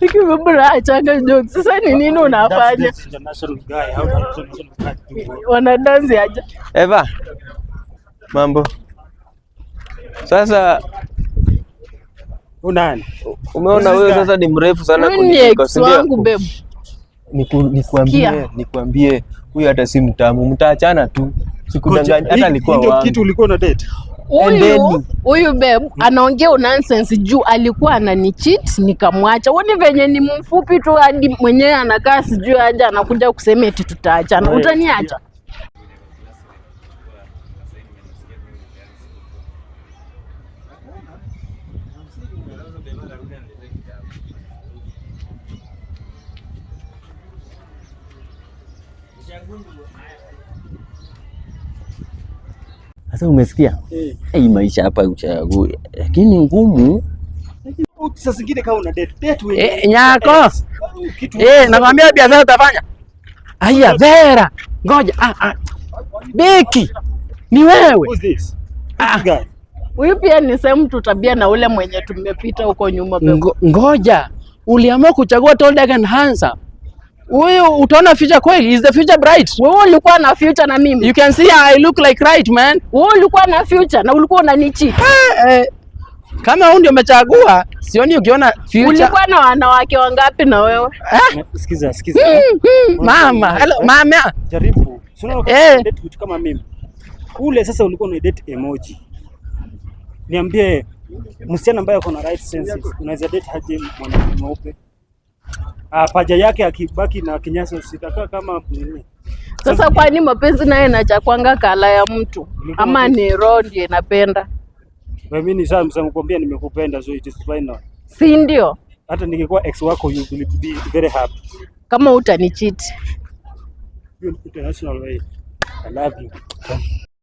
achanga jokes. Sasa ni nini unafanya? Wanadansi aje? Eva, mambo sasa Unani? Umeona wewe sasa ni mrefu sana kuniliko, si ndio? huyu hata si mtamu, mtaachana tu. Sikudanganya hata alikuwa wangu. kitu ulikuwa date. Huyu huyu anaongea nonsense juu alikuwa ananicheat nikamwacha. Uone venye ni mfupi tu hadi mwenyewe anakaa sijui aje anakuja kusema eti tutaachana. Utaniacha? Sasa umesikia? Eh. Hey, maisha hapa uchague. Lakini ngumu. Sasa zingine kama una date, date wewe. Eh, nyako. Eh, eh nakwambia biashara utafanya. Aya, Vera. Ngoja. Ah, ah. Beki. Ni wewe. Who's Ah. ah. Huyu pia ni same tu tabia na ule mwenye tumepita huko nyuma. ngoja. Uliamua kuchagua tall dark and handsome. Huyu utaona future kweli, is the future bright. Wewe ulikuwa na future na mimi. You can see I look like right man. Wewe ulikuwa na future na ulikuwa unanichi. Eh, eh. Kama huyu ndio umechagua, sioni ukiona future. Ulikuwa na wanawake wangapi na wewe? Eh? eh sikiza, sikiza. Mm, mm. Mama, eh, hello mama. Jaribu. Sio eh, date kitu kama mimi. Ule sasa ulikuwa una date emoji. Niambie msichana ambaye uko na right senses, unaweza date hadi mwanamume mweupe? uh, paja yake akibaki na kinyasa sitakaa kama nini. Sasa kwani mapenzi naye nachakwanga kala ya mtu ama ni roho ndio inapenda? Mimi ni sasa msamkwambia nimekupenda, so it is final. Si ndio? Hata ningekuwa ex wako you will be very happy. Kama utanichiti. International way. I love you.